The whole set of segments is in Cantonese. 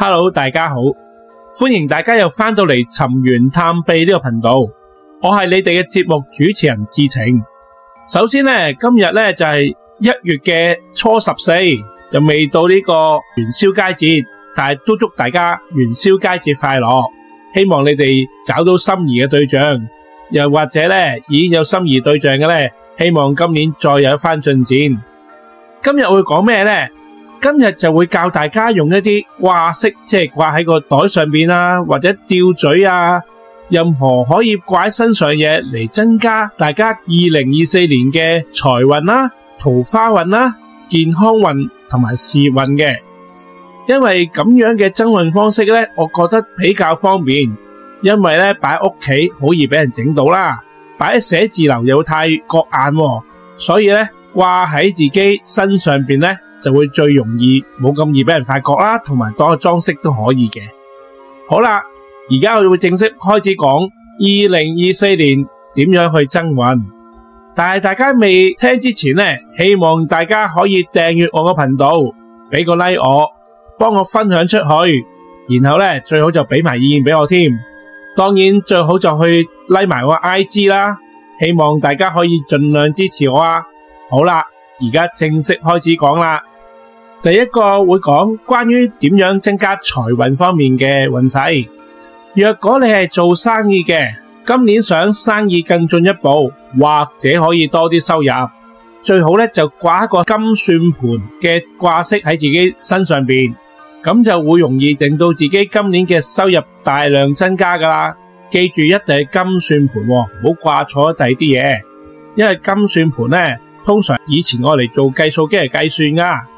Hello，大家好，歡迎大家又返到嚟尋源探秘呢、這個頻道，我係你哋嘅節目主持人智澄。首先咧，今日咧就係一月嘅初十四，就是、14，又未到呢個元宵佳節，但係都祝大家元宵佳節快樂，希望你哋找到心儀嘅對象，又或者咧已經有心儀對象嘅咧，希望今年再有一番進展。今日會講咩咧？今日就會教大家用一啲掛飾，即係掛喺個袋上邊啊，或者吊墜啊，任何可以掛喺身上嘢嚟增加大家二零二四年嘅財運啦、啊、桃花運啦、啊、健康運同埋時運嘅。因為咁樣嘅增運方式呢，我覺得比較方便，因為呢擺屋企好易俾人整到啦，擺喺寫字樓又太覺眼、啊，所以呢，掛喺自己身上邊呢。就會最容易冇咁易俾人發覺啦，同埋當個裝飾都可以嘅。好啦，而家我會正式開始講二零二四年點樣去增運。但係大家未聽之前呢，希望大家可以訂閱我個頻道，俾個 like 我，幫我分享出去，然後呢最好就俾埋意見俾我添。當然最好就去 like 埋我 IG 啦。希望大家可以盡量支持我啊！好啦，而家正式開始講啦。第一個會講關於點樣增加財運方面嘅運勢。若果你係做生意嘅，今年想生意更進一步，或者可以多啲收入，最好咧就掛一個金算盤嘅掛飾喺自己身上面，咁就會容易令到自己今年嘅收入大量增加噶啦記住一定係金算盤，唔好掛錯第二啲嘢，因為金算盤咧通常以前我嚟做計數機嚟計算噶。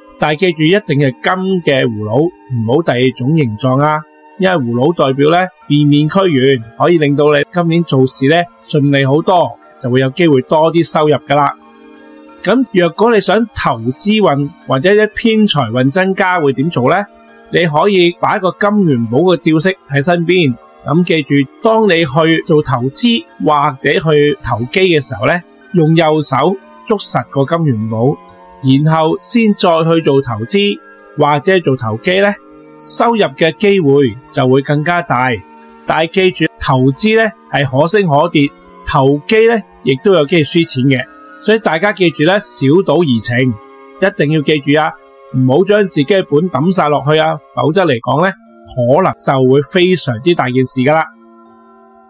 但係記住，一定係金嘅葫蘆，唔好第二種形狀啊！因為葫蘆代表咧面面俱圓，可以令到你今年做事咧順利好多，就會有機會多啲收入噶啦。咁若果你想投資運或者一啲偏財運增加，會點做呢？你可以擺一個金元寶嘅吊飾喺身邊。咁記住，當你去做投資或者去投機嘅時候咧，用右手捉實個金元寶。然後先再去做投資或者做投機呢，收入嘅機會就會更加大。但係記住，投資呢係可升可跌，投機呢亦都有機會輸錢嘅。所以大家記住呢，小賭怡情，一定要記住啊，唔好將自己嘅本抌晒落去啊，否則嚟講呢，可能就會非常之大件事噶啦。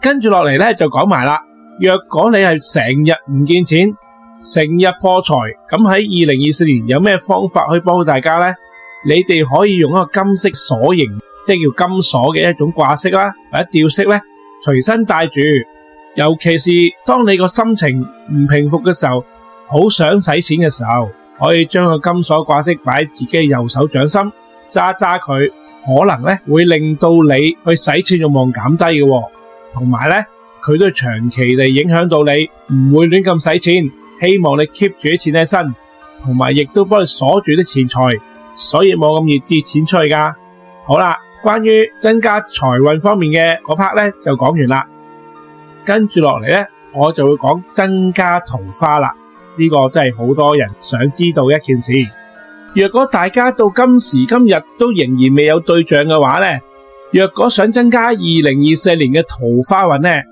跟住落嚟呢，就講埋啦，若果你係成日唔見錢。成日破財，咁喺二零二四年有咩方法可以幫到大家呢？你哋可以用一個金色鎖形，即係叫金鎖嘅一種掛飾啦，或者吊飾呢，隨身帶住。尤其是當你個心情唔平復嘅時候，好想使錢嘅時候，可以將個金鎖掛飾擺喺自己右手掌心揸揸佢，可能呢會令到你去使錢慾望減低嘅，同埋呢，佢都長期地影響到你，唔會亂咁使錢。希望你 keep 住啲錢喺身，同埋亦都幫佢鎖住啲錢財，所以冇咁易跌錢出去㗎。好啦，關於增加財運方面嘅嗰 part 咧就講完啦，跟住落嚟咧我就會講增加桃花啦。呢個都係好多人想知道一件事。若果大家到今時今日都仍然未有對象嘅話咧，若果想增加二零二四年嘅桃花運咧，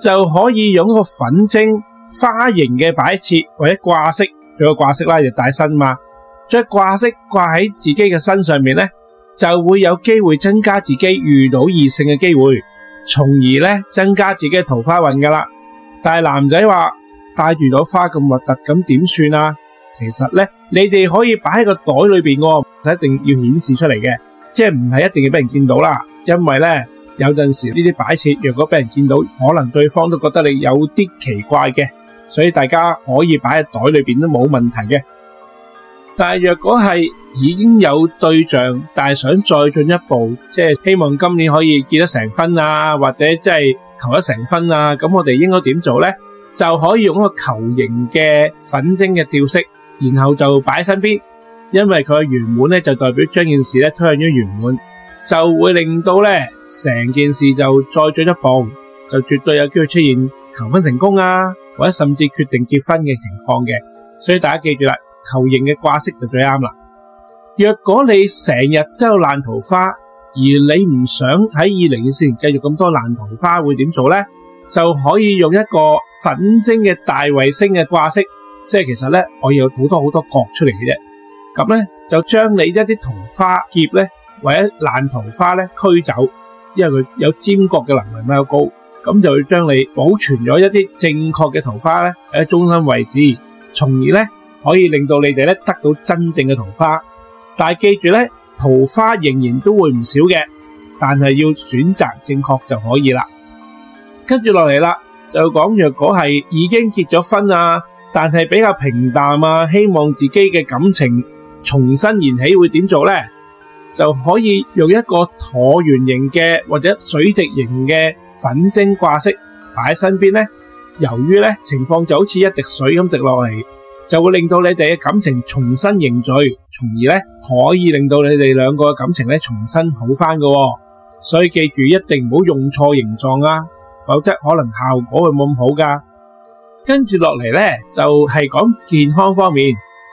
就可以用一個粉晶，花型嘅擺設或者掛飾，仲有掛飾啦，就戴身嘛。將掛飾掛喺自己嘅身上面咧，就會有機會增加自己遇到異性嘅機會，從而咧增加自己嘅桃花運噶啦。但係男仔話戴住朵花咁核突，咁點算啊？其實咧，你哋可以擺喺個袋裏邊噶，唔使一定要顯示出嚟嘅，即係唔係一定要俾人見到啦。因為咧有陣時呢啲擺設，若果俾人見到，可能對方都覺得你有啲奇怪嘅。所以大家可以擺喺袋裏邊都冇問題嘅。但係若果係已經有對象，但係想再進一步，即係希望今年可以結得成婚啊，或者即係求得成婚啊，咁我哋應該點做咧？就可以用一個球形嘅粉晶嘅吊飾，然後就擺喺身邊，因為佢嘅圓滿咧就代表將件事咧推向咗圓滿，就會令到咧成件事就再進一步，就絕對有機會出現。求婚成功啊，或者甚至決定結婚嘅情況嘅，所以大家記住啦，球形嘅掛飾就最啱啦。若果你成日都有爛桃花，而你唔想喺二零二四年繼續咁多爛桃花，會點做咧？就可以用一個粉晶嘅大衛星嘅掛飾，即係其實咧，我有好多好多角出嚟嘅啫。咁咧就將你一啲桃花劫咧，或者爛桃花咧驅走，因為佢有尖角嘅能量比較高。咁就會將你保存咗一啲正確嘅桃花咧，喺中心位置，從而咧可以令到你哋咧得到真正嘅桃花。但係記住咧，桃花仍然都會唔少嘅，但係要選擇正確就可以啦。跟住落嚟啦，就講，若果係已經結咗婚啊，但係比較平淡啊，希望自己嘅感情重新燃起會點做咧？就可以用一個橢圓形嘅或者水滴形嘅粉晶掛飾擺喺身邊呢。由於呢情況就好似一滴水咁滴落嚟，就會令到你哋嘅感情重新凝聚，從而呢可以令到你哋兩個嘅感情呢重新好翻噶。所以記住，一定唔好用錯形狀啊，否則可能效果會冇咁好噶。跟住落嚟呢，就係講健康方面。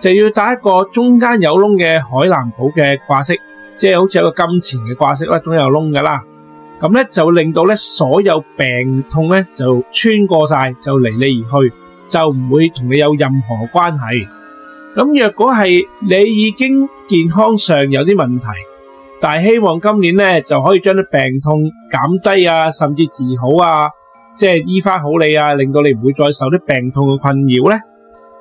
就要戴一個中間有窿嘅海南寶嘅掛飾，即係好似有個金錢嘅掛飾啦，中間有窿噶啦。咁咧就令到咧所有病痛咧就穿過晒，就離你而去，就唔會同你有任何關係。咁若果係你已經健康上有啲問題，但係希望今年咧就可以將啲病痛減低啊，甚至治好啊，即係醫翻好你啊，令到你唔會再受啲病痛嘅困擾咧。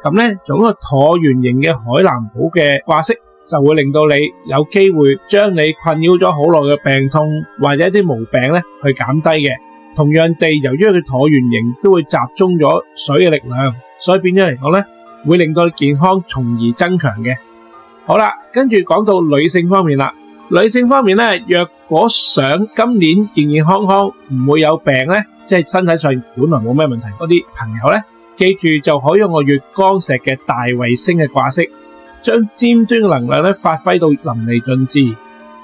咁咧，做嗰個橢圓形嘅海藍寶嘅掛飾，就會令到你有機會將你困擾咗好耐嘅病痛或者啲毛病咧，去減低嘅。同樣地，由於佢橢圓形都會集中咗水嘅力量，所以變咗嚟講咧，會令到你健康從而增強嘅。好啦，跟住講到女性方面啦，女性方面咧，若果想今年健健康康，唔會有病咧，即係身體上本來冇咩問題嗰啲朋友咧。記住，就可以用個月光石嘅大衛星嘅掛飾，將尖端能量咧發揮到淋漓盡致，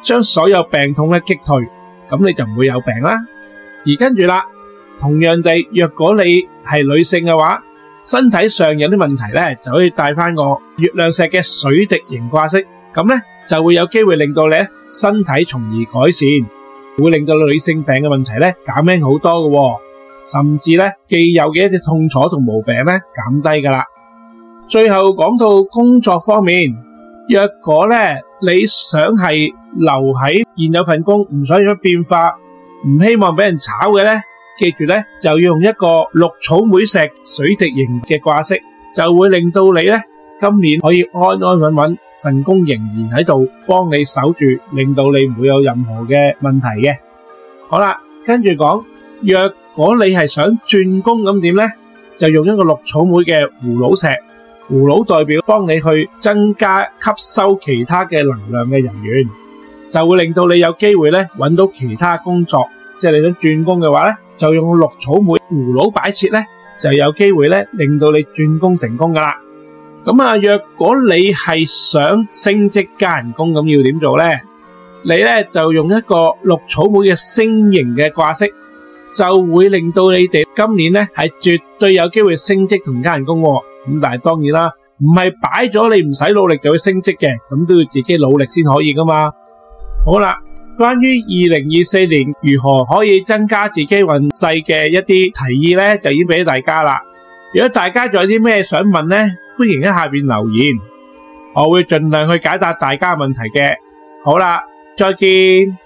將所有病痛咧擊退，咁你就唔會有病啦。而跟住啦，同樣地，若果你係女性嘅話，身體上有啲問題咧，就可以帶翻個月亮石嘅水滴形掛飾，咁咧就會有機會令到你咧身體從而改善，會令到女性病嘅問題咧減輕好多嘅。甚至咧，既有嘅一啲痛楚同毛病咧，減低噶啦。最後講到工作方面，若果咧你想係留喺現有份工，唔想有乜變化，唔希望俾人炒嘅咧，記住咧就要用一個綠草莓石水滴形嘅掛飾，就會令到你咧今年可以安安穩穩份工仍然喺度幫你守住，令到你唔會有任何嘅問題嘅。好啦，跟住講。若果你係想轉工咁點呢？就用一個綠草莓嘅葫蘆石，葫蘆代表幫你去增加吸收其他嘅能量嘅人員，就會令到你有機會咧搵到其他工作。即係你想轉工嘅話咧，就用綠草莓葫蘆擺設咧，就有機會咧令到你轉工成功噶啦。咁啊，若果你係想升職加人工咁要點做呢？你咧就用一個綠草莓嘅星形嘅掛飾。就會令到你哋今年咧係絕對有機會升職同加人工喎。咁但係當然啦，唔係擺咗你唔使努力就會升職嘅，咁都要自己努力先可以噶嘛。好啦，關於二零二四年如何可以增加自己運勢嘅一啲提議咧，就已經俾咗大家啦。如果大家仲有啲咩想問咧，歡迎喺下邊留言，我會盡量去解答大家問題嘅。好啦，再見。